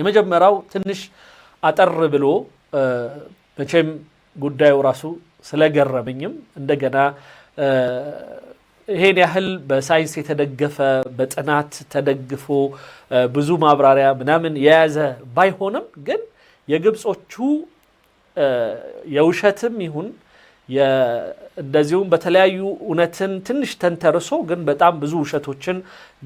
የመጀመሪያው ትንሽ አጠር ብሎ መቼም ጉዳዩ ራሱ ስለገረመኝም እንደገና ይሄን ያህል በሳይንስ የተደገፈ በጥናት ተደግፎ ብዙ ማብራሪያ ምናምን የያዘ ባይሆንም ግን የግብጾቹ የውሸትም ይሁን እንደዚሁም በተለያዩ እውነትን ትንሽ ተንተርሶ ግን በጣም ብዙ ውሸቶችን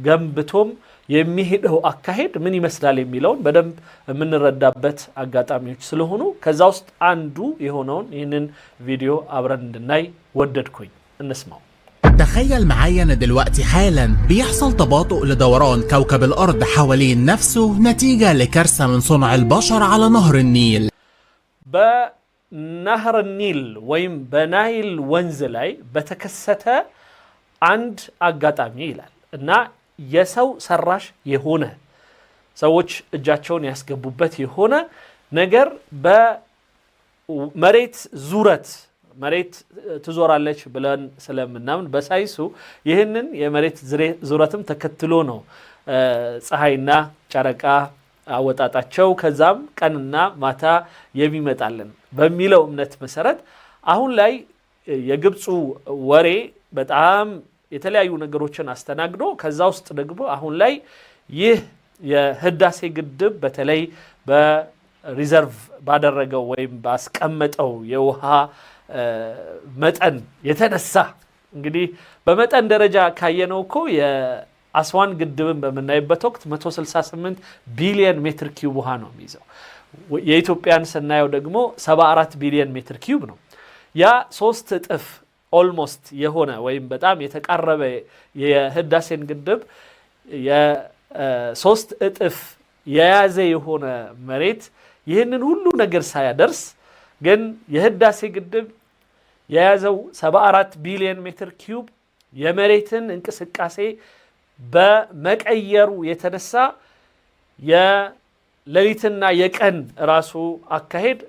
ገንብቶም የሚሄደው አካሄድ ምን ይመስላል የሚለውን በደንብ የምንረዳበት አጋጣሚዎች ስለሆኑ ከዛ ውስጥ አንዱ የሆነውን ይህንን ቪዲዮ አብረን እንድናይ ወደድኩኝ እንስማው تخيل معايا أنا دلوقتي حالا بيحصل تباطؤ لدوران كوكب الأرض حوالين نفسه نتيجة لكارثة من صنع البشر على نهر النيل بنهر النيل وين بنايل ونزلاي بتكسته عند أقاطع نا የሰው ሰራሽ የሆነ ሰዎች እጃቸውን ያስገቡበት የሆነ ነገር በመሬት ዙረት መሬት ትዞራለች ብለን ስለምናምን በሳይንሱ ይህንን የመሬት ዙረትም ተከትሎ ነው ፀሐይና ጨረቃ አወጣጣቸው ከዛም ቀንና ማታ የሚመጣልን በሚለው እምነት መሰረት አሁን ላይ የግብፁ ወሬ በጣም የተለያዩ ነገሮችን አስተናግዶ ከዛ ውስጥ ደግሞ አሁን ላይ ይህ የህዳሴ ግድብ በተለይ በሪዘርቭ ባደረገው ወይም ባስቀመጠው የውሃ መጠን የተነሳ እንግዲህ በመጠን ደረጃ ካየነው እኮ የአስዋን ግድብን በምናይበት ወቅት 168 ቢሊየን ሜትር ኪዩብ ውሃ ነው የሚይዘው። የኢትዮጵያን ስናየው ደግሞ 74 ቢሊየን ሜትር ኪዩብ ነው። ያ ሶስት እጥፍ ኦልሞስት የሆነ ወይም በጣም የተቃረበ የህዳሴን ግድብ የሶስት እጥፍ የያዘ የሆነ መሬት ይህንን ሁሉ ነገር ሳያደርስ ግን የህዳሴ ግድብ የያዘው 74 ቢሊዮን ሜትር ኪዩብ የመሬትን እንቅስቃሴ በመቀየሩ የተነሳ የሌሊትና የቀን ራሱ አካሄድ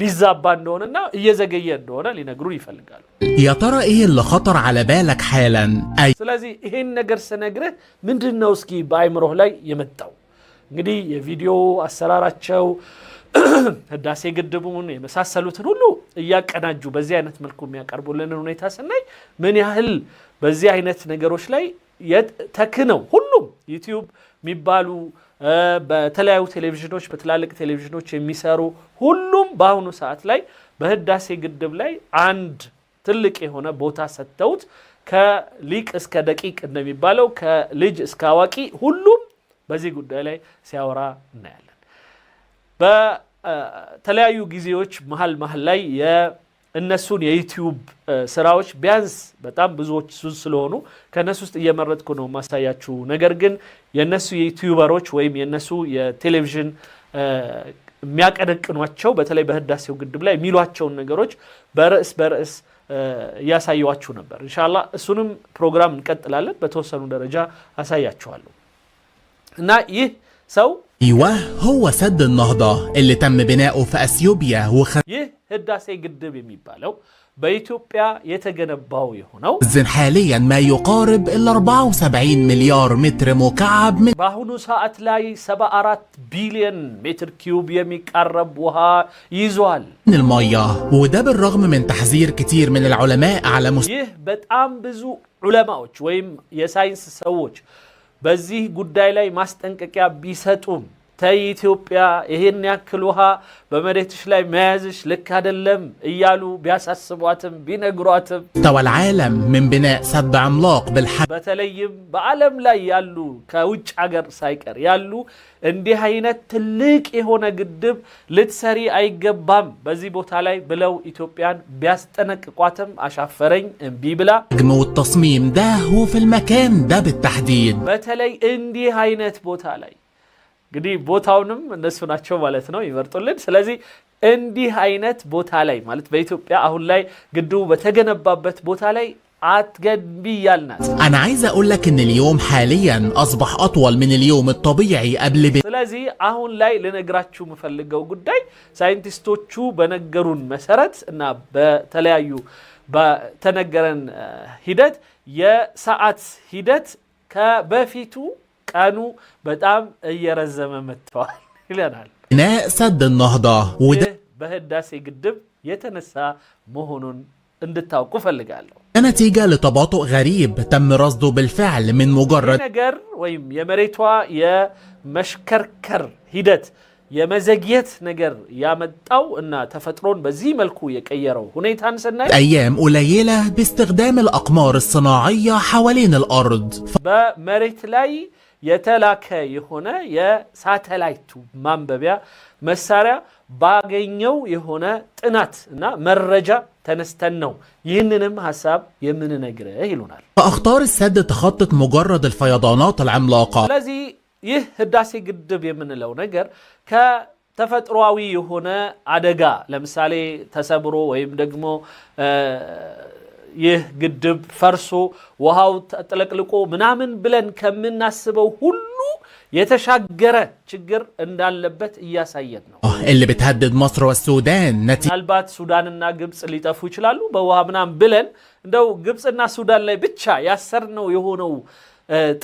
ሊዛባ እንደሆነና እየዘገየ እንደሆነ ሊነግሩን ይፈልጋሉ። ያተራ ይሄ ለኸጠር አለ ባለክ ሓለን። ስለዚህ ይህን ነገር ስነግርህ ምንድን ነው እስኪ በአይምሮህ ላይ የመጣው እንግዲህ የቪዲዮ አሰራራቸው ህዳሴ ግድቡን የመሳሰሉትን ሁሉ እያቀናጁ በዚህ አይነት መልኩ የሚያቀርቡልንን ሁኔታ ስናይ ምን ያህል በዚህ አይነት ነገሮች ላይ ተክነው ሁሉ ዩቲዩብ የሚባሉ በተለያዩ ቴሌቪዥኖች በትላልቅ ቴሌቪዥኖች የሚሰሩ ሁሉም በአሁኑ ሰዓት ላይ በህዳሴ ግድብ ላይ አንድ ትልቅ የሆነ ቦታ ሰጥተውት ከሊቅ እስከ ደቂቅ እንደሚባለው ከልጅ እስከ አዋቂ ሁሉም በዚህ ጉዳይ ላይ ሲያወራ እናያለን። በተለያዩ ጊዜዎች መሀል መሀል ላይ እነሱን የዩቲዩብ ስራዎች ቢያንስ በጣም ብዙዎች ሱዝ ስለሆኑ ከእነሱ ውስጥ እየመረጥኩ ነው ማሳያችሁ። ነገር ግን የእነሱ የዩቲዩበሮች ወይም የእነሱ የቴሌቪዥን የሚያቀነቅኗቸው በተለይ በህዳሴው ግድብ ላይ የሚሏቸውን ነገሮች በርዕስ በርዕስ እያሳየዋችሁ ነበር። እንሻላ እሱንም ፕሮግራም እንቀጥላለን። በተወሰኑ ደረጃ አሳያችኋለሁ እና ይህ سو ايوه هو سد النهضة اللي تم بناؤه في اثيوبيا وخ ይህ قدب يميبالو بيتوبيا يتجنباو يهونو የሆነው حاليا ما يقارب ال 74 مليار متر مكعب من በአሁኑ ሰዓት ላይ 74 ቢሊዮን ሜትር ኪዩብ وها يزوال من المياه وده بالرغم من تحذير كتير من العلماء على مستوى يه በጣም بزو علماء وشويم የሳይንስ ሰዎች በዚህ ጉዳይ ላይ ማስጠንቀቂያ ቢሰጡም ተይ ኢትዮጵያ ይሄን ያክል ውሃ በመሬትሽ ላይ መያዝሽ ልክ አይደለም እያሉ ቢያሳስቧትም ቢነግሯትም ተወልዓለም ምን ብናእ ሰድ አምላቅ ብልሐ በተለይም በዓለም ላይ ያሉ ከውጭ ሀገር ሳይቀር ያሉ እንዲህ አይነት ትልቅ የሆነ ግድብ ልትሰሪ አይገባም በዚህ ቦታ ላይ ብለው ኢትዮጵያን ቢያስጠነቅቋትም አሻፈረኝ እምቢ ብላ ግሞ ተስሚም ዳሁ ፊ ልመካን ዳ ብታሕዲድ በተለይ እንዲህ አይነት ቦታ ላይ እንግዲህ ቦታውንም እነሱ ናቸው ማለት ነው ይመርጡልን። ስለዚህ እንዲህ አይነት ቦታ ላይ ማለት በኢትዮጵያ አሁን ላይ ግድቡ በተገነባበት ቦታ ላይ أتجنبي الناس أنا عايز أقول لك إن اليوم حاليا أصبح أطول من اليوم الطبيعي قبل ስለዚህ አሁን ላይ ልነግራችሁ የምፈልገው ጉዳይ ሳይንቲስቶቹ በነገሩን መሰረት እና በተለያዩ በተነገረን ሂደት የሰዓት ሂደት ከበፊቱ كانوا ቀኑ በጣም سد النهضة وده به ነህዳ ወደ يتنسى مهون عند التوقف اللي قاله نتيجة لتباطؤ غريب تم رصده بالفعل من مجرد نجر ويم يا مريتوا يا مشكركر هدت يا مزاجيت نجر يا مدتاو ان تفترون بزي ملكو يكيرو هنيت هانسنا ايام قليلة باستخدام الاقمار الصناعية حوالين الارض ف... بمريت لاي የተላከ የሆነ የሳተላይቱ ማንበቢያ መሳሪያ ባገኘው የሆነ ጥናት እና መረጃ ተነስተን ነው ይህንንም ሀሳብ የምንነግርህ ይሉናል። ከአክታር ሰድ ተኸጥት ሙጀረድ الفيضانات العملاقة ስለዚህ ይህ ህዳሴ ግድብ የምንለው ነገር ከተፈጥሯዊ የሆነ አደጋ ለምሳሌ ተሰብሮ ወይም ደግሞ ይህ ግድብ ፈርሶ ውሃው ተጥለቅልቆ ምናምን ብለን ከምናስበው ሁሉ የተሻገረ ችግር እንዳለበት እያሳየን ነው። ልብትሀድድ ሞስር ወሱዳን ምናልባት ሱዳንና ግብፅ ሊጠፉ ይችላሉ በውሃ ምናምን ብለን እንደው ግብፅና ሱዳን ላይ ብቻ ያሰርነው የሆነው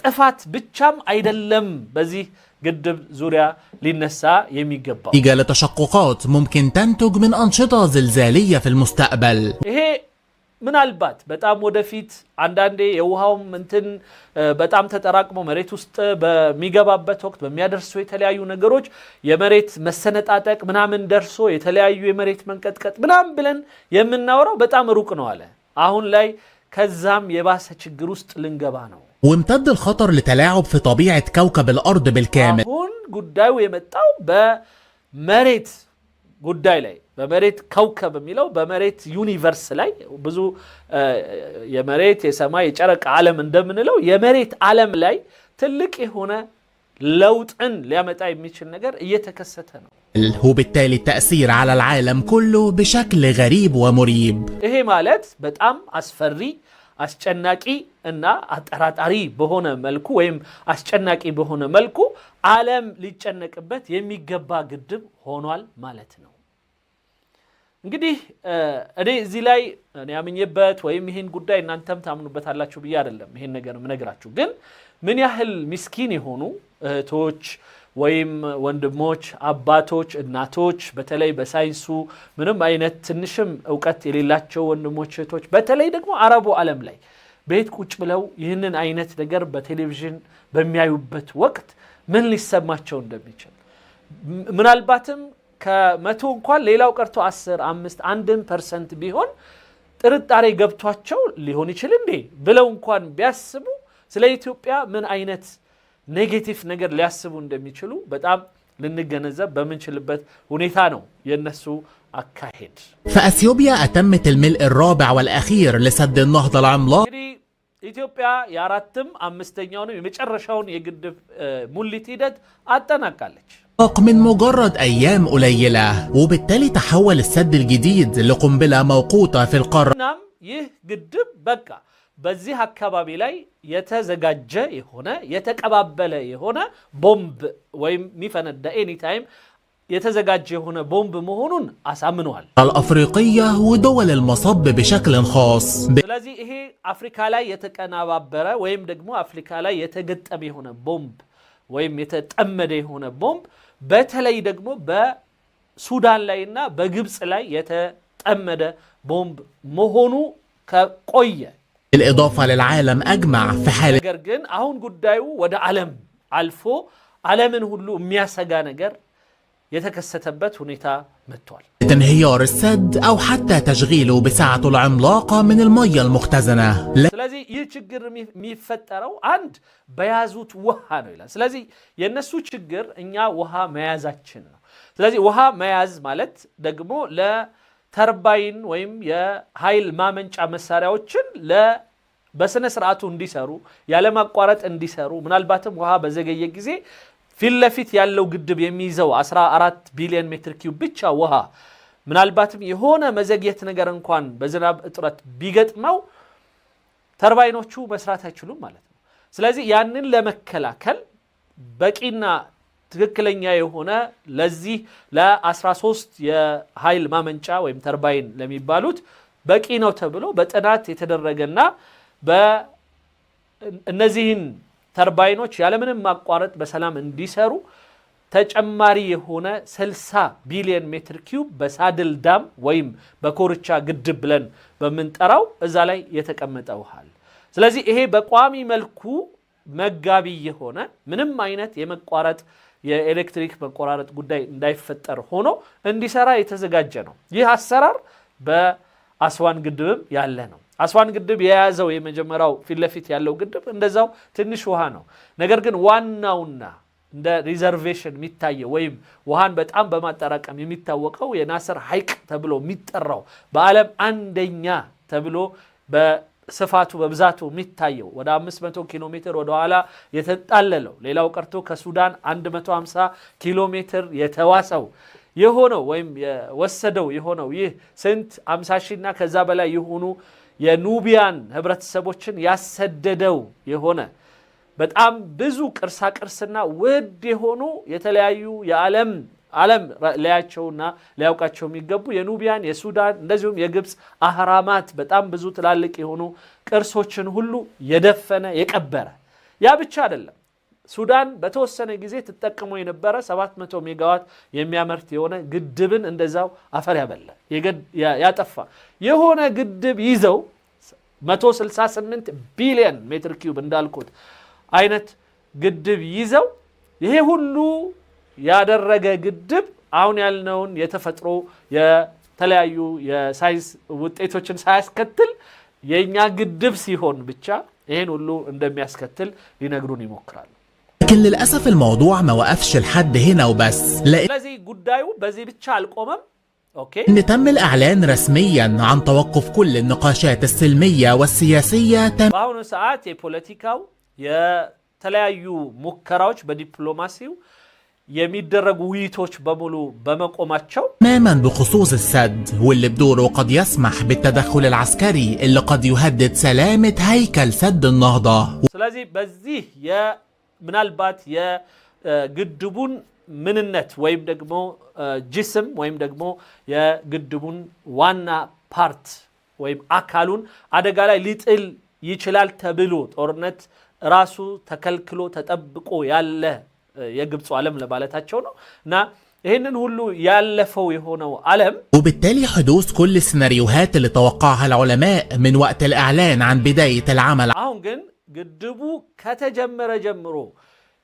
ጥፋት ብቻም አይደለም በዚህ ግድብ ዙሪያ ሊነሳ የሚገባው ኢጃለ ተሸቁቃት ሙምኪን ተንቱግ ምን አንሽጣ ዝልዛልያ ፊ ልሙስተቅበል ምናልባት በጣም ወደፊት አንዳንዴ የውሃውም እንትን በጣም ተጠራቅሞ መሬት ውስጥ በሚገባበት ወቅት በሚያደርሱ የተለያዩ ነገሮች የመሬት መሰነጣጠቅ ምናምን ደርሶ የተለያዩ የመሬት መንቀጥቀጥ ምናምን ብለን የምናወራው በጣም ሩቅ ነው አለ። አሁን ላይ ከዛም የባሰ ችግር ውስጥ ልንገባ ነው። وامتد الخطر لتلاعب في طبيعة كوكب الأرض بالكامل አሁን ጉዳዩ የመጣው በመሬት ጉዳይ ላይ በመሬት ከውከብ የሚለው በመሬት ዩኒቨርስ ላይ ብዙ የመሬት የሰማይ የጨረቃ ዓለም እንደምንለው የመሬት ዓለም ላይ ትልቅ የሆነ ለውጥን ሊያመጣ የሚችል ነገር እየተከሰተ ነው። وبالتالي التأثير على العالم كله بشكل غريب ومريب ይሄ ማለት በጣም አስፈሪ አስጨናቂ እና አጠራጣሪ በሆነ መልኩ ወይም አስጨናቂ በሆነ መልኩ ዓለም ሊጨነቅበት የሚገባ ግድብ ሆኗል ማለት ነው። እንግዲህ እኔ እዚህ ላይ እኔ አምኜበት ወይም ይህን ጉዳይ እናንተም ታምኑበታላችሁ ብዬ አይደለም ይሄን ነገር የምነግራችሁ። ግን ምን ያህል ሚስኪን የሆኑ እህቶች ወይም ወንድሞች፣ አባቶች፣ እናቶች በተለይ በሳይንሱ ምንም አይነት ትንሽም እውቀት የሌላቸው ወንድሞች፣ እህቶች በተለይ ደግሞ አረቡ ዓለም ላይ ቤት ቁጭ ብለው ይህንን አይነት ነገር በቴሌቪዥን በሚያዩበት ወቅት ምን ሊሰማቸው እንደሚችል ምናልባትም ከመቶ እንኳን ሌላው ቀርቶ አስር አምስት አንድም ፐርሰንት ቢሆን ጥርጣሬ ገብቷቸው ሊሆን ይችል እንዴ ብለው እንኳን ቢያስቡ ስለ ኢትዮጵያ ምን አይነት ኔጌቲቭ ነገር ሊያስቡ እንደሚችሉ በጣም ልንገነዘብ በምንችልበት ሁኔታ ነው የእነሱ አካሄድ። فأثيوبيا أتمت ልምልእ الرابع والأخير ለሰድ النهضة العملاق إثيوبيا يا راتم أمستنيون يمشرشون يقدف مولي أتنا كالج من مجرد أيام قليلة وبالتالي تحول السد الجديد لقنبلة موقوتة في القارة نعم يه قدب بكا بزيها كبابي لي يتزقجي هنا يتكبابي هنا بومب ويم ميفان الدقيني تايم يتزجاج هنا بومب مهونون أسامنوال الأفريقية ودول المصب بشكل خاص لذي إيه أفريكا لا يتكنا بابرا ويم دقمو أفريكا لا يتقد هنا بومب ويم يتتأمد هنا بومب بتلي دقمو با سودان لينا بقبس لا يتتأمد بومب مهونو كقوية الإضافة للعالم أجمع في حال أهون قد دايو ودى عالم عالفو عالمين هلو مياسا قانا የተከሰተበት ሁኔታ መጥቷል። ለተንህያር ሰድ አው ሐታ ተሽጊሉ በሰዓቱ ልዕምላቃ ምን ልመያ ልሙክተዘነ። ስለዚህ ይህ ችግር የሚፈጠረው አንድ በያዙት ውሃ ነው ይላል። ስለዚህ የእነሱ ችግር እኛ ውሃ መያዛችን ነው። ስለዚህ ውሃ መያዝ ማለት ደግሞ ለተርባይን ወይም የኃይል ማመንጫ መሳሪያዎችን በስነ ስርዓቱ እንዲሰሩ ያለማቋረጥ እንዲሰሩ ምናልባትም ውሃ በዘገየ ጊዜ ፊት ለፊት ያለው ግድብ የሚይዘው 14 ቢሊዮን ሜትር ኪዩብ ብቻ ውሃ ምናልባትም የሆነ መዘግየት ነገር እንኳን በዝናብ እጥረት ቢገጥመው ተርባይኖቹ መስራት አይችሉም ማለት ነው። ስለዚህ ያንን ለመከላከል በቂና ትክክለኛ የሆነ ለዚህ ለ13 የኃይል ማመንጫ ወይም ተርባይን ለሚባሉት በቂ ነው ተብሎ በጥናት የተደረገና በእነዚህን ተርባይኖች ያለምንም ማቋረጥ በሰላም እንዲሰሩ ተጨማሪ የሆነ 60 ቢሊዮን ሜትር ኪዩብ በሳድል ዳም ወይም በኮርቻ ግድብ ብለን በምንጠራው እዛ ላይ የተቀመጠ ውሃል። ስለዚህ ይሄ በቋሚ መልኩ መጋቢ የሆነ ምንም አይነት የመቋረጥ የኤሌክትሪክ መቆራረጥ ጉዳይ እንዳይፈጠር ሆኖ እንዲሰራ የተዘጋጀ ነው። ይህ አሰራር በአስዋን ግድብም ያለ ነው። አስዋን ግድብ የያዘው የመጀመሪያው ፊት ለፊት ያለው ግድብ እንደዛው ትንሽ ውሃ ነው። ነገር ግን ዋናውና እንደ ሪዘርቬሽን የሚታየው ወይም ውሃን በጣም በማጠራቀም የሚታወቀው የናስር ሐይቅ ተብሎ የሚጠራው በዓለም አንደኛ ተብሎ በስፋቱ በብዛቱ የሚታየው ወደ 500 ኪሎ ሜትር ወደኋላ የተጣለለው ሌላው ቀርቶ ከሱዳን 150 ኪሎ ሜትር የተዋሰው የሆነው ወይም የወሰደው የሆነው ይህ ስንት 50 ሺና ከዛ በላይ የሆኑ የኑቢያን ህብረተሰቦችን ያሰደደው የሆነ በጣም ብዙ ቅርሳቅርስና ውድ የሆኑ የተለያዩ የዓለም ዓለም ሊያቸውና ሊያውቃቸው የሚገቡ የኑቢያን፣ የሱዳን እንደዚሁም የግብፅ አህራማት በጣም ብዙ ትላልቅ የሆኑ ቅርሶችን ሁሉ የደፈነ የቀበረ ያ ብቻ አይደለም። ሱዳን በተወሰነ ጊዜ ትጠቅሞ የነበረ 700 ሜጋዋት የሚያመርት የሆነ ግድብን እንደዛው አፈር ያበላ ያጠፋ የሆነ ግድብ ይዘው 168 ቢሊዮን ሜትር ኪዩብ እንዳልኩት አይነት ግድብ ይዘው ይሄ ሁሉ ያደረገ ግድብ አሁን ያልነውን የተፈጥሮ የተለያዩ የሳይንስ ውጤቶችን ሳያስከትል የእኛ ግድብ ሲሆን ብቻ ይህን ሁሉ እንደሚያስከትል ሊነግሩን ይሞክራሉ። لكن للأسف الموضوع ما وقفش لحد هنا وبس لأن إن تم الإعلان رسميا عن توقف كل النقاشات السلمية والسياسية تم የተለያዩ ሙከራዎች በዲፕሎማሲው የሚደረጉ ውይይቶች በሙሉ በመቆማቸው تماما بخصوص السد واللي بدوره قد يسمح بالتدخل العسكري اللي قد يهدد سلامة هيكل سد النهضة ስለዚህ በዚህ من البات يا قدبون من النت ويم دقمو جسم ويم دقمو يا قدبون وانا بارت ويم أكلون هذا قال ليت إل يشلال تبلو تورنت راسو تكلكلو تتبقو يالا يجبس علم لبالة تشونو نا هنا نقول يالفوا يهونوا علم وبالتالي حدوث كل السيناريوهات اللي توقعها العلماء من وقت الإعلان عن بداية العمل عونجن ግድቡ ከተጀመረ ጀምሮ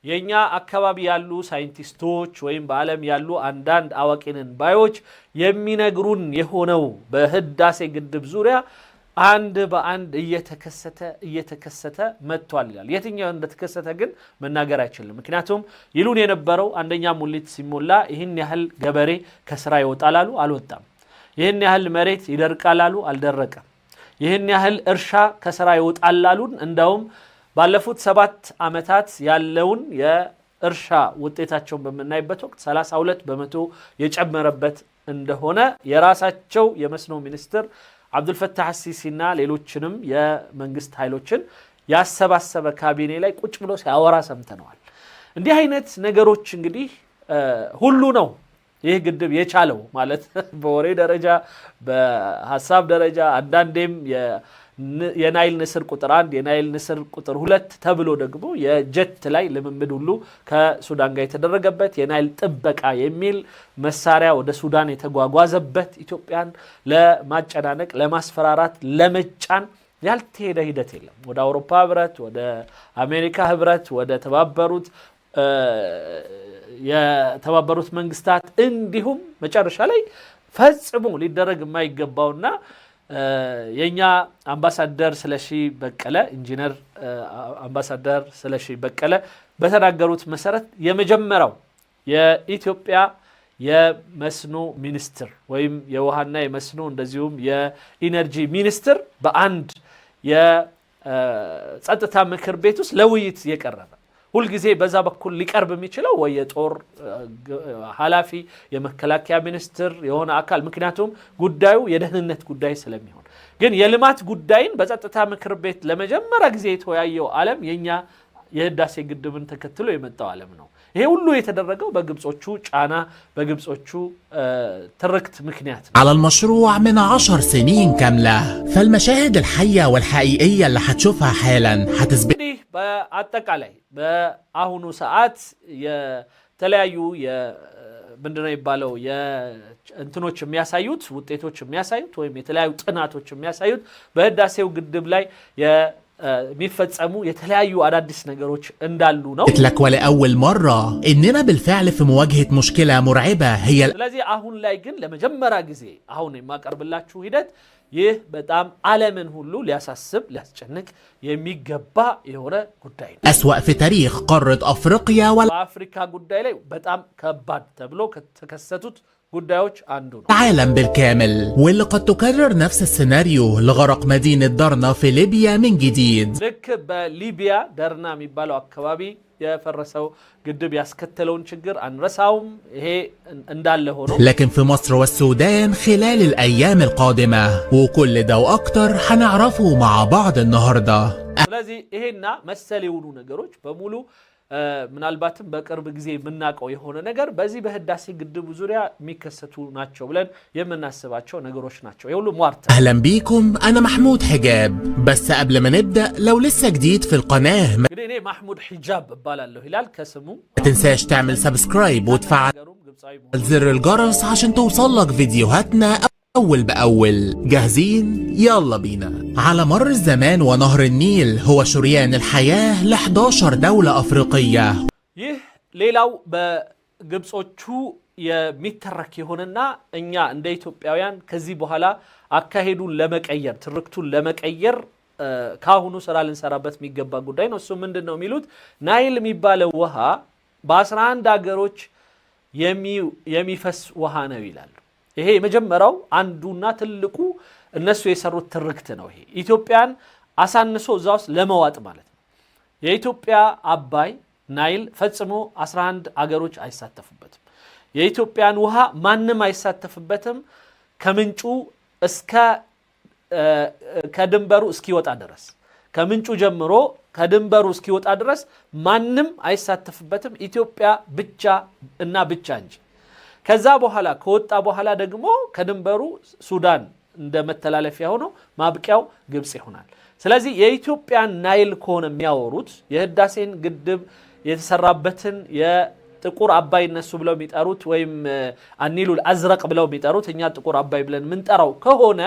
የእኛ አካባቢ ያሉ ሳይንቲስቶች ወይም በዓለም ያሉ አንዳንድ አዋቂንን ባዮች የሚነግሩን የሆነው በህዳሴ ግድብ ዙሪያ አንድ በአንድ እየተከሰተ እየተከሰተ መጥቷል ይላል። የትኛው እንደተከሰተ ግን መናገር አይችልም። ምክንያቱም ይሉን የነበረው አንደኛ ሙሊት ሲሞላ ይህን ያህል ገበሬ ከስራ ይወጣል አሉ፣ አልወጣም። ይህን ያህል መሬት ይደርቃል አሉ፣ አልደረቀም። ይህን ያህል እርሻ ከስራ ይወጣላሉን አሉን። እንደውም ባለፉት ሰባት ዓመታት ያለውን የእርሻ ውጤታቸውን በምናይበት ወቅት 32 በመቶ የጨመረበት እንደሆነ የራሳቸው የመስኖ ሚኒስትር አብዱልፈታህ አሲሲና ሌሎችንም የመንግስት ኃይሎችን ያሰባሰበ ካቢኔ ላይ ቁጭ ብሎ ሲያወራ ሰምተነዋል። እንዲህ አይነት ነገሮች እንግዲህ ሁሉ ነው ይህ ግድብ የቻለው ማለት በወሬ ደረጃ በሀሳብ ደረጃ አንዳንዴም የናይል ንስር ቁጥር አንድ የናይል ንስር ቁጥር ሁለት ተብሎ ደግሞ የጀት ላይ ልምምድ ሁሉ ከሱዳን ጋር የተደረገበት የናይል ጥበቃ የሚል መሳሪያ ወደ ሱዳን የተጓጓዘበት ኢትዮጵያን ለማጨናነቅ፣ ለማስፈራራት፣ ለመጫን ያልተሄደ ሂደት የለም። ወደ አውሮፓ ህብረት፣ ወደ አሜሪካ ህብረት፣ ወደ ተባበሩት የተባበሩት መንግስታት እንዲሁም መጨረሻ ላይ ፈጽሞ ሊደረግ የማይገባውና የእኛ አምባሳደር ስለሺ በቀለ ኢንጂነር አምባሳደር ስለሺ በቀለ በተናገሩት መሰረት የመጀመሪያው የኢትዮጵያ የመስኖ ሚኒስትር ወይም የውሃና የመስኖ እንደዚሁም የኢነርጂ ሚኒስትር በአንድ የጸጥታ ምክር ቤት ውስጥ ለውይይት የቀረበ ሁልጊዜ በዛ በኩል ሊቀርብ የሚችለው ወይ የጦር ኃላፊ፣ የመከላከያ ሚኒስትር የሆነ አካል ምክንያቱም ጉዳዩ የደህንነት ጉዳይ ስለሚሆን ግን የልማት ጉዳይን በጸጥታ ምክር ቤት ለመጀመሪያ ጊዜ የተወያየው ዓለም የእኛ የህዳሴ ግድብን ተከትሎ የመጣው ዓለም ነው። ይሄ ሁሉ የተደረገው በግብጾቹ ጫና በግብጾቹ ትርክት ምክንيات على المشروع من عشر سنين كاملة فالمشاهد الحية والحقيقية اللي هتشوفها حالا هتثبت በአጠቃላይ በአሁኑ ሰዓት የተለያዩ ምንድን ነው የሚባለው እንትኖች የሚያሳዩት ውጤቶች የሚያሳዩት ወይም የተለያዩ ጥናቶች የሚያሳዩት በህዳሴው ግድብ ላይ ميفتسامو يتلايو أرادس نجروش اندالو نو ولأول مرة إننا بالفعل في مواجهة مشكلة مرعبة هي لازي أهون لايقن لما جمع راقزي أهون ما قرب الله تشوهدت يه بدام على من هلو لأساسب لأسجنك يمي قبا يهورا قدين أسوأ في تاريخ قارة أفريقيا وال قدين بدام كباد تبلو كتكستوت عالم بالكامل واللي قد تكرر نفس السيناريو لغرق مدينة درنا في ليبيا من جديد ልክ በሊቢያ ደርና የሚባለው አካባቢ የፈረሰው ግድብ ያስከተለውን ችግር አንረሳውም። ይሄ እንዳለ ሆኖ لكن في مصر والسودان خلال الأيام القادمة وكل ده وأكتر هنعرفه مع بعض النهاردة لازم هنا መሰል የሆኑ ነገሮች በሙሉ ምናልባትም በቅርብ ጊዜ የምናውቀው የሆነ ነገር በዚህ በህዳሴ ግድቡ ዙሪያ የሚከሰቱ ናቸው ብለን የምናስባቸው ነገሮች ናቸው። ይሁሉ ሟርተ اهلا بيكم انا محمود حجاب بس قبل ما نبدا لو لسه جديد في القناه እንግዲህ እኔ ማህሙድ ሒጃብ እባላለሁ ይላል ከስሙ። ما تنساش تعمل سبسكرايب وتفعل زر الجرس عشان توصل لك فيديوهاتنا أول بأول جاهزين؟ يلا بينا على مر الزمان ونهر النيل هو شريان الحياة ل 11 دولة أفريقية يه ليلو بجبس أوتشو يا ميتركي هوننا إنيا إنديتو بيويان كزي بوهالا أكاهيدو لمك أير تركتو لمك أير كاهونو سرالن سرابت مي جبا قدين وسو من دنو نايل مي بالوها باسران داگروچ يمي يمي فس وهانا ويلالو ይሄ የመጀመሪያው አንዱና ትልቁ እነሱ የሰሩት ትርክት ነው። ይሄ ኢትዮጵያን አሳንሶ እዛ ውስጥ ለመዋጥ ማለት ነው። የኢትዮጵያ አባይ ናይል ፈጽሞ 11 አገሮች አይሳተፉበትም። የኢትዮጵያን ውሃ ማንም አይሳተፍበትም ከምንጩ እስከ ከድንበሩ እስኪወጣ ድረስ ከምንጩ ጀምሮ ከድንበሩ እስኪወጣ ድረስ ማንም አይሳተፍበትም። ኢትዮጵያ ብቻ እና ብቻ እንጂ ከዛ በኋላ ከወጣ በኋላ ደግሞ ከድንበሩ ሱዳን እንደ መተላለፊያ ሆኖ ማብቂያው ግብፅ ይሆናል። ስለዚህ የኢትዮጵያን ናይል ከሆነ የሚያወሩት የህዳሴን ግድብ የተሰራበትን የጥቁር አባይ እነሱ ብለው የሚጠሩት ወይም አኒሉል አዝረቅ ብለው የሚጠሩት እኛ ጥቁር አባይ ብለን የምንጠራው ከሆነ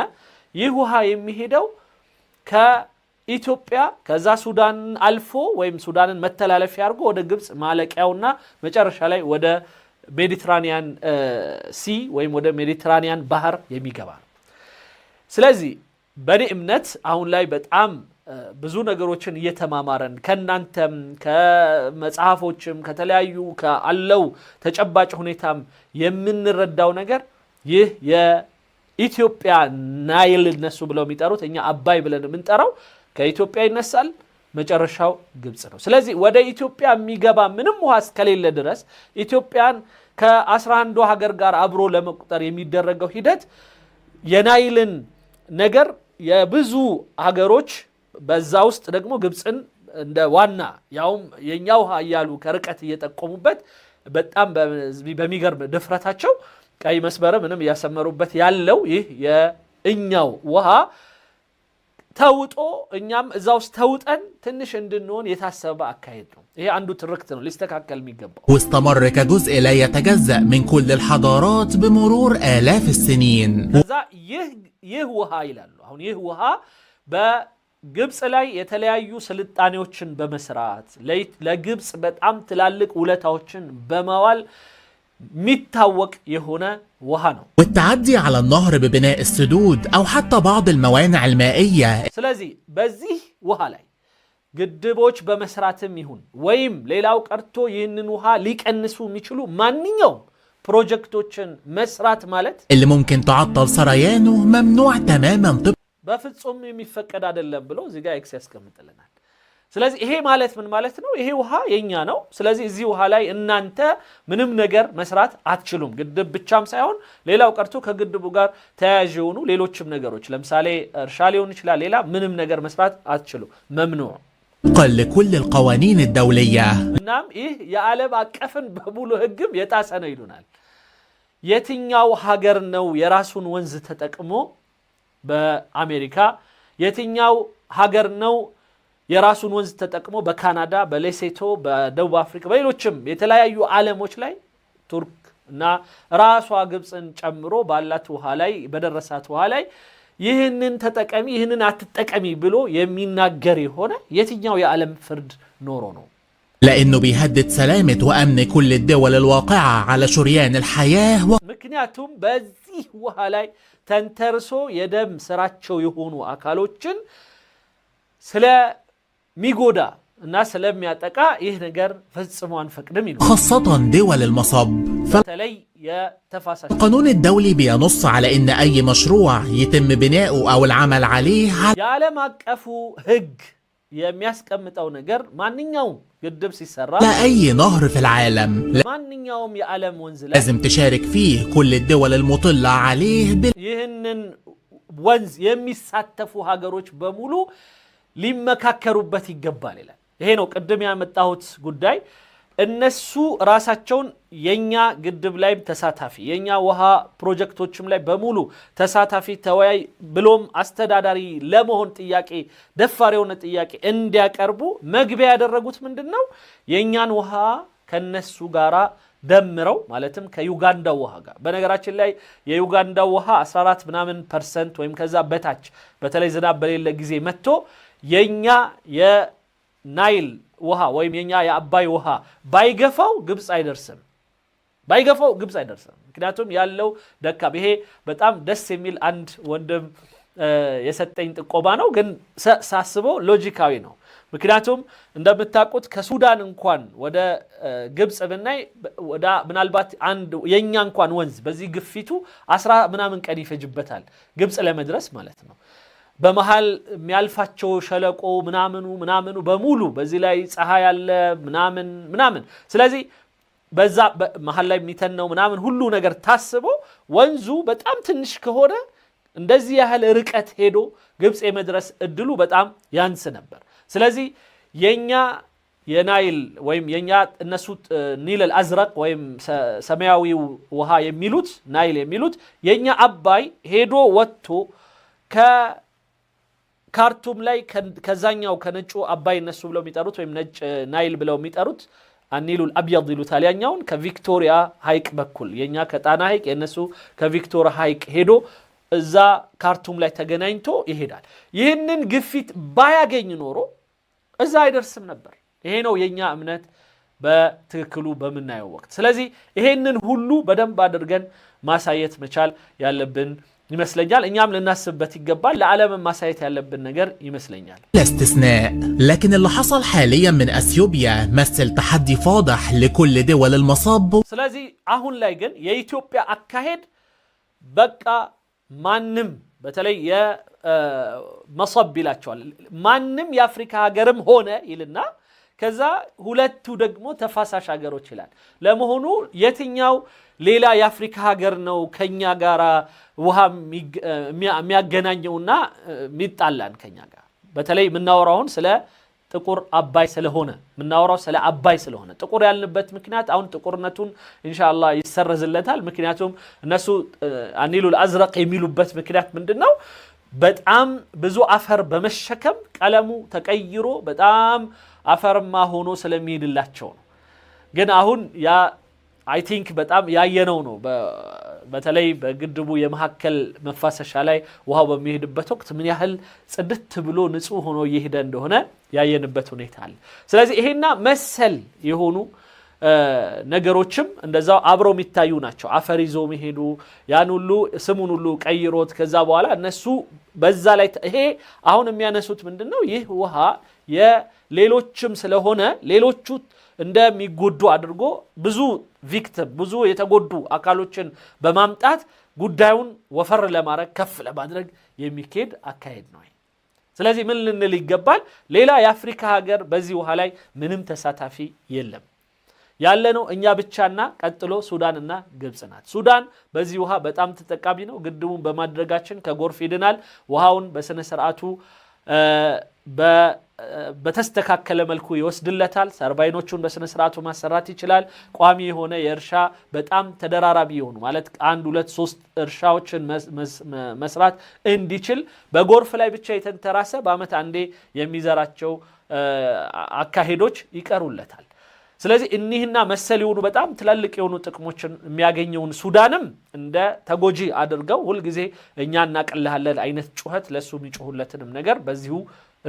ይህ ውሃ የሚሄደው ከኢትዮጵያ ከዛ ሱዳን አልፎ ወይም ሱዳንን መተላለፊያ አድርጎ ወደ ግብፅ ማለቂያውና መጨረሻ ላይ ወደ ሜዲትራኒያን ሲ ወይም ወደ ሜዲትራኒያን ባህር የሚገባ ነው። ስለዚህ በእኔ እምነት አሁን ላይ በጣም ብዙ ነገሮችን እየተማማረን ከእናንተም ከመጽሐፎችም ከተለያዩ ካለው ተጨባጭ ሁኔታም የምንረዳው ነገር ይህ የኢትዮጵያ ናይል እነሱ ብለው የሚጠሩት እኛ አባይ ብለን የምንጠራው ከኢትዮጵያ ይነሳል መጨረሻው ግብፅ ነው። ስለዚህ ወደ ኢትዮጵያ የሚገባ ምንም ውሃ እስከሌለ ድረስ ኢትዮጵያን ከአስራ አንዱ ሀገር ጋር አብሮ ለመቁጠር የሚደረገው ሂደት የናይልን ነገር የብዙ ሀገሮች በዛ ውስጥ ደግሞ ግብፅን እንደ ዋና ያውም የእኛ ውሃ እያሉ ከርቀት እየጠቆሙበት በጣም በሚገርም ድፍረታቸው ቀይ መስመር ምንም እያሰመሩበት ያለው ይህ የእኛው ውሃ ተውጦ እኛም እዛ ውስጥ ተውጠን ትንሽ እንድንሆን የታሰበ አካሄድ ነው። ይሄ አንዱ ትርክት ነው ሊስተካከል የሚገባው። واستمر كجزء لا يتجزأ من كل الحضارات بمرور آلاف السنين እዛ ይህ ውሃ ይላሉ። አሁን ይህ ውሃ በግብፅ ላይ የተለያዩ ስልጣኔዎችን በመስራት ለግብፅ በጣም ትላልቅ ውለታዎችን በመዋል متوق يهونا وهانو والتعدي على النهر ببناء السدود أو حتى بعض الموانع المائية سلازي بزيه وهالاي ግድቦች በመስራትም ይሁን ወይም ሌላው ቀርቶ ይህንን ውሃ ሊቀንሱ የሚችሉ ማንኛውም ፕሮጀክቶችን مسرات مالت اللي ممكن تعطل سريانه ممنوع تماما أمي የሚፈቀድ አይደለም ብሎ زيقا ኤክስ ያስቀምጥልናል። ስለዚህ ይሄ ማለት ምን ማለት ነው? ይሄ ውሃ የኛ ነው። ስለዚህ እዚህ ውሃ ላይ እናንተ ምንም ነገር መስራት አትችሉም። ግድብ ብቻም ሳይሆን ሌላው ቀርቶ ከግድቡ ጋር ተያያዥ የሆኑ ሌሎችም ነገሮች ለምሳሌ እርሻ ሊሆን ይችላል። ሌላ ምንም ነገር መስራት አትችሉም። መምኑ ለኩል ልቀዋኒን ደውልያ እናም ይህ የዓለም አቀፍን በሙሉ ህግም የጣሰ ነው ይሉናል። የትኛው ሀገር ነው የራሱን ወንዝ ተጠቅሞ በአሜሪካ የትኛው ሀገር ነው የራሱን ወንዝ ተጠቅሞ በካናዳ፣ በሌሴቶ፣ በደቡብ አፍሪካ፣ በሌሎችም የተለያዩ ዓለሞች ላይ ቱርክ እና ራሷ ግብፅን ጨምሮ ባላት ውሃ ላይ በደረሳት ውሃ ላይ ይህንን ተጠቀሚ ይህንን አትጠቀሚ ብሎ የሚናገር የሆነ የትኛው የዓለም ፍርድ ኖሮ ነው? لأنه بيهدد سلامة وأمن كل الدول الواقعة على شريان الحياة ምክንያቱም በዚህ ውሃ ላይ ተንተርሶ የደም ስራቸው የሆኑ አካሎችን ስለ ميغودا الناس لب ميعتقا إيه نجر فزموان فكرم خاصة دول المصب فتلي يا تفاصيل القانون الدولي بينص على إن أي مشروع يتم بناؤه أو العمل عليه يا لما كفو هج يا مياس نجر ما نيوم يدب لا أي نهر في العالم لا يا ألم ونزل لازم تشارك فيه كل الدول المطلة عليه بال... يهنن ونز يمي ساتفو هاجروش بمولو ሊመካከሩበት ይገባል ይላል። ይሄ ነው ቅድም ያመጣሁት ጉዳይ። እነሱ ራሳቸውን የእኛ ግድብ ላይም ተሳታፊ የእኛ ውሃ ፕሮጀክቶችም ላይ በሙሉ ተሳታፊ ተወያይ፣ ብሎም አስተዳዳሪ ለመሆን ጥያቄ ደፋር የሆነ ጥያቄ እንዲያቀርቡ መግቢያ ያደረጉት ምንድን ነው? የእኛን ውሃ ከነሱ ጋር ደምረው ማለትም ከዩጋንዳ ውሃ ጋር። በነገራችን ላይ የዩጋንዳ ውሃ 14 ምናምን ፐርሰንት ወይም ከዛ በታች በተለይ ዝናብ በሌለ ጊዜ መጥቶ የኛ የናይል ውሃ ወይም የኛ የአባይ ውሃ ባይገፋው ግብፅ አይደርስም ባይገፋው ግብፅ አይደርስም። ምክንያቱም ያለው ደካም ይሄ በጣም ደስ የሚል አንድ ወንድም የሰጠኝ ጥቆማ ነው፣ ግን ሳስበው ሎጂካዊ ነው። ምክንያቱም እንደምታውቁት ከሱዳን እንኳን ወደ ግብፅ ብናይ ምናልባት አንድ የእኛ እንኳን ወንዝ በዚህ ግፊቱ አስራ ምናምን ቀን ይፈጅበታል ግብፅ ለመድረስ ማለት ነው። በመሃል የሚያልፋቸው ሸለቆ ምናምኑ ምናምኑ በሙሉ በዚህ ላይ ፀሐይ አለ ምናምን ምናምን። ስለዚህ በዛ መሃል ላይ የሚተነው ምናምን ሁሉ ነገር ታስቦ ወንዙ በጣም ትንሽ ከሆነ እንደዚህ ያህል ርቀት ሄዶ ግብፅ የመድረስ እድሉ በጣም ያንስ ነበር። ስለዚህ የእኛ የናይል ወይም የእኛ እነሱ ኒለል አዝረቅ ወይም ሰማያዊው ውሃ የሚሉት ናይል የሚሉት የእኛ አባይ ሄዶ ወጥቶ ካርቱም ላይ ከዛኛው ከነጩ አባይ እነሱ ብለው የሚጠሩት ወይም ነጭ ናይል ብለው የሚጠሩት አኒሉል አብያድ ይሉታል። ያኛውን ከቪክቶሪያ ሐይቅ በኩል የእኛ ከጣና ሐይቅ የእነሱ ከቪክቶሪያ ሐይቅ ሄዶ እዛ ካርቱም ላይ ተገናኝቶ ይሄዳል። ይህንን ግፊት ባያገኝ ኖሮ እዛ አይደርስም ነበር። ይሄ ነው የእኛ እምነት በትክክሉ በምናየው ወቅት። ስለዚህ ይሄንን ሁሉ በደንብ አድርገን ማሳየት መቻል ያለብን ይመስለኛል። እኛም ልናስብበት ይገባል። ለዓለምን ማሳየት ያለብን ነገር ይመስለኛል። لا استثناء لكن اللي حصل حاليا من اثيوبيا مثل تحدي فاضح لكل دول المصاب ስለዚህ አሁን ላይ ግን የኢትዮጵያ አካሄድ በቃ ማንም በተለይ የመሰብ ይላቸዋል ማንም የአፍሪካ ሀገርም ሆነ ይልና ከዛ ሁለቱ ደግሞ ተፋሳሽ ሀገሮች ይላል። ለመሆኑ የትኛው ሌላ የአፍሪካ ሀገር ነው ከኛ ጋር ውሃ የሚያገናኘውና የሚጣላን ከኛ ጋር? በተለይ የምናወራው ስለ ጥቁር አባይ ስለሆነ የምናወራው ስለ አባይ ስለሆነ ጥቁር ያልንበት ምክንያት አሁን ጥቁርነቱን ኢንሻአላህ ይሰረዝለታል። ምክንያቱም እነሱ አኒሉል አዝረቅ የሚሉበት ምክንያት ምንድን ነው? በጣም ብዙ አፈር በመሸከም ቀለሙ ተቀይሮ በጣም አፈርማ ሆኖ ስለሚሄድላቸው ነው። ግን አሁን ያ አይ ቲንክ በጣም ያየነው ነው። በተለይ በግድቡ የመካከል መፋሰሻ ላይ ውሃው በሚሄድበት ወቅት ምን ያህል ጽድት ብሎ ንጹህ ሆኖ እየሄደ እንደሆነ ያየንበት ሁኔታ አለ። ስለዚህ ይሄና መሰል የሆኑ ነገሮችም እንደዛው አብረው የሚታዩ ናቸው። አፈር ይዞ መሄዱ ያን ሁሉ ስሙን ሁሉ ቀይሮት ከዛ በኋላ እነሱ በዛ ላይ ይሄ አሁን የሚያነሱት ምንድን ነው? ይህ ውሃ የሌሎችም ስለሆነ ሌሎቹ እንደሚጎዱ አድርጎ ብዙ ቪክቲም ብዙ የተጎዱ አካሎችን በማምጣት ጉዳዩን ወፈር ለማድረግ ከፍ ለማድረግ የሚካሄድ አካሄድ ነው። ስለዚህ ምን ልንል ይገባል? ሌላ የአፍሪካ ሀገር በዚህ ውሃ ላይ ምንም ተሳታፊ የለም። ያለነው እኛ ብቻና ቀጥሎ ሱዳንና ግብጽ ናት። ሱዳን በዚህ ውሃ በጣም ተጠቃሚ ነው። ግድቡን በማድረጋችን ከጎርፍ ይድናል። ውሃውን በስነ ስርዓቱ በተስተካከለ መልኩ ይወስድለታል። ሰርባይኖቹን በስነ ስርዓቱ ማሰራት ይችላል። ቋሚ የሆነ የእርሻ በጣም ተደራራቢ የሆኑ ማለት አንድ ሁለት ሶስት እርሻዎችን መስራት እንዲችል በጎርፍ ላይ ብቻ የተንተራሰ በአመት አንዴ የሚዘራቸው አካሄዶች ይቀሩለታል። ስለዚህ እኒህና መሰል የሆኑ በጣም ትላልቅ የሆኑ ጥቅሞችን የሚያገኘውን ሱዳንም እንደ ተጎጂ አድርገው ሁልጊዜ እኛ እናቀልሃለን አይነት ጩኸት ለእሱ የሚጮሁለትንም ነገር በዚሁ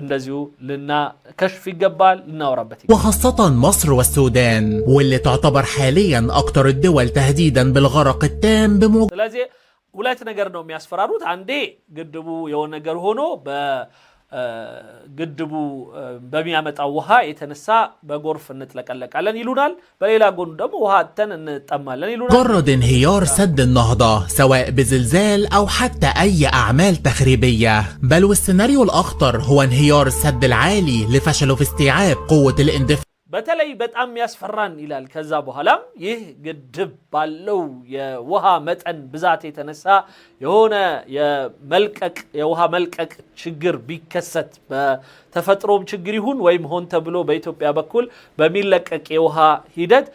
እንደዚሁ ልናከሽፍ ይገባል ልናወራበት ይገባል وخاصة مصر والسودان واللي تعتبر حاليا أكثر الدول تهديدا بالغرق التام بموجب ስለዚህ ሁለት ነገር ነው የሚያስፈራሩት። አንዴ ግድቡ የሆነ ነገር ሆኖ ግድቡ በሚያመጣው ውሃ የተነሳ በጎርፍ እንጥለቀለቃለን ይሉናል። በሌላ ጎኑ ደግሞ ውሃ አጥተን እንጠማለን ይሉናል። جرد انهيار سد النهضة سواء بزلزال أو حتى أي أعمال تخريبية بل والسيناريو الأخطر هو انهيار السد العالي لفشله في استيعاب قوة الاندفاع በተለይ በጣም ያስፈራን ይላል። ከዛ በኋላም ይህ ግድብ ባለው የውሃ መጠን بزاتي تنسى يهونا يا ملكك يا وها ملكك شجر بيكسات بتفتروم شجري هون ويم هون تبلو بيتو بيا بكل يا وها هيدت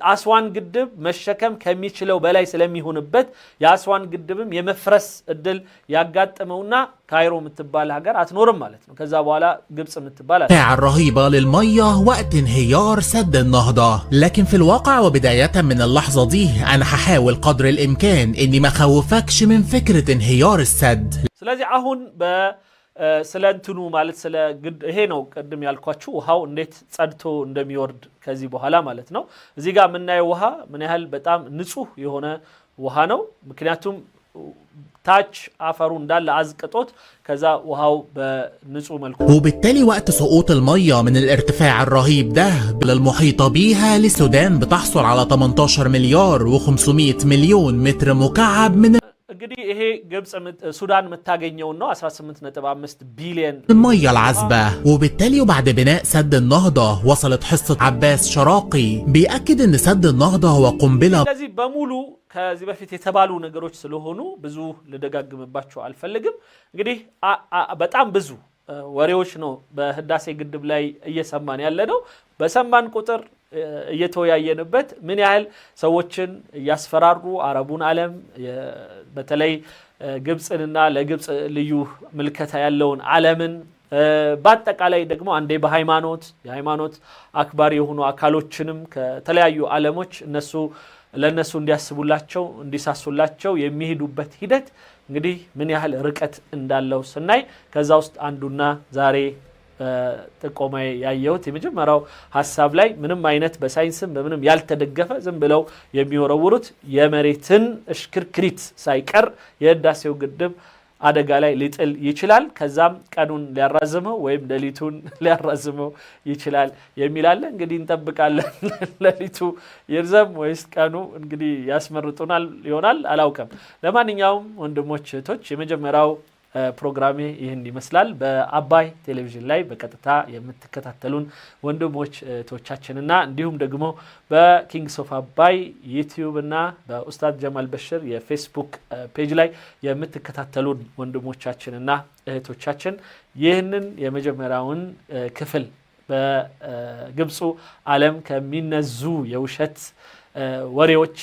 عسوان قدب مشكم كميشلو بلاي سلامي هون بيت يا عسوان قدبم يا مفرس الدل يا قات مونا كايرو متبال هاجر اتنور مالت كذا ولا جبس متبال ساعة رهيبة للمية وقت انهيار سد النهضة لكن في الواقع وبداية من اللحظة دي انا هحاول قدر الامكان اني ما خوفكش من فكرة انهيار السد سلازي عهون با آه، سلانتونو مالت سلا قد هينو قدم يالكواتشو هاو نيت تصدتو ندم يورد كازي بوهالا مالتنو زيقا من وها من اهل بتام نسوه يهونا وهانو مكنياتوم تاج عفرون دال لعزك توت كذا وهو بنسو ملكو وبالتالي وقت سقوط المية من الارتفاع الرهيب ده للمحيطة بيها للسودان بتحصل على 18 مليار و500 مليون متر مكعب من المية العذبة وبالتالي وبعد بناء سد النهضة وصلت حصة عباس شراقي بيأكد ان سد النهضة هو قنبلة كازي بفيت يتبالو نقروش سلوهونو بزو لدقاق مباتشو الفلقم قدي بتعم بزو وريوشنو بهداسي قدب لاي ايه سمان بسمان كتر እየተወያየንበት ምን ያህል ሰዎችን እያስፈራሩ አረቡን ዓለም በተለይ ግብፅንና ለግብፅ ልዩ ምልከታ ያለውን ዓለምን በአጠቃላይ ደግሞ አንዴ በሃይማኖት የሃይማኖት አክባሪ የሆኑ አካሎችንም ከተለያዩ ዓለሞች እነሱ ለእነሱ እንዲያስቡላቸው እንዲሳሱላቸው የሚሄዱበት ሂደት እንግዲህ ምን ያህል ርቀት እንዳለው ስናይ ከዛ ውስጥ አንዱና ዛሬ ጥቆማ ያየሁት የመጀመሪያው ሀሳብ ላይ ምንም አይነት በሳይንስም በምንም ያልተደገፈ ዝም ብለው የሚወረውሩት የመሬትን እሽክርክሪት ሳይቀር የህዳሴው ግድብ አደጋ ላይ ሊጥል ይችላል፣ ከዛም ቀኑን ሊያራዝመው ወይም ሌሊቱን ሊያራዝመው ይችላል የሚላለ እንግዲህ እንጠብቃለን። ሌሊቱ ይርዘም ወይስ ቀኑ እንግዲህ ያስመርጡናል ይሆናል አላውቅም። ለማንኛውም ወንድሞች እህቶች የመጀመሪያው ፕሮግራሜ ይህን ይመስላል። በአባይ ቴሌቪዥን ላይ በቀጥታ የምትከታተሉን ወንድሞች እህቶቻችንና እንዲሁም ደግሞ በኪንግስ ኦፍ አባይ ዩቲዩብ እና በኡስታዝ ጀማል በሽር የፌስቡክ ፔጅ ላይ የምትከታተሉን ወንድሞቻችንና እህቶቻችን ይህንን የመጀመሪያውን ክፍል በግብፁ ዓለም ከሚነዙ የውሸት ወሬዎች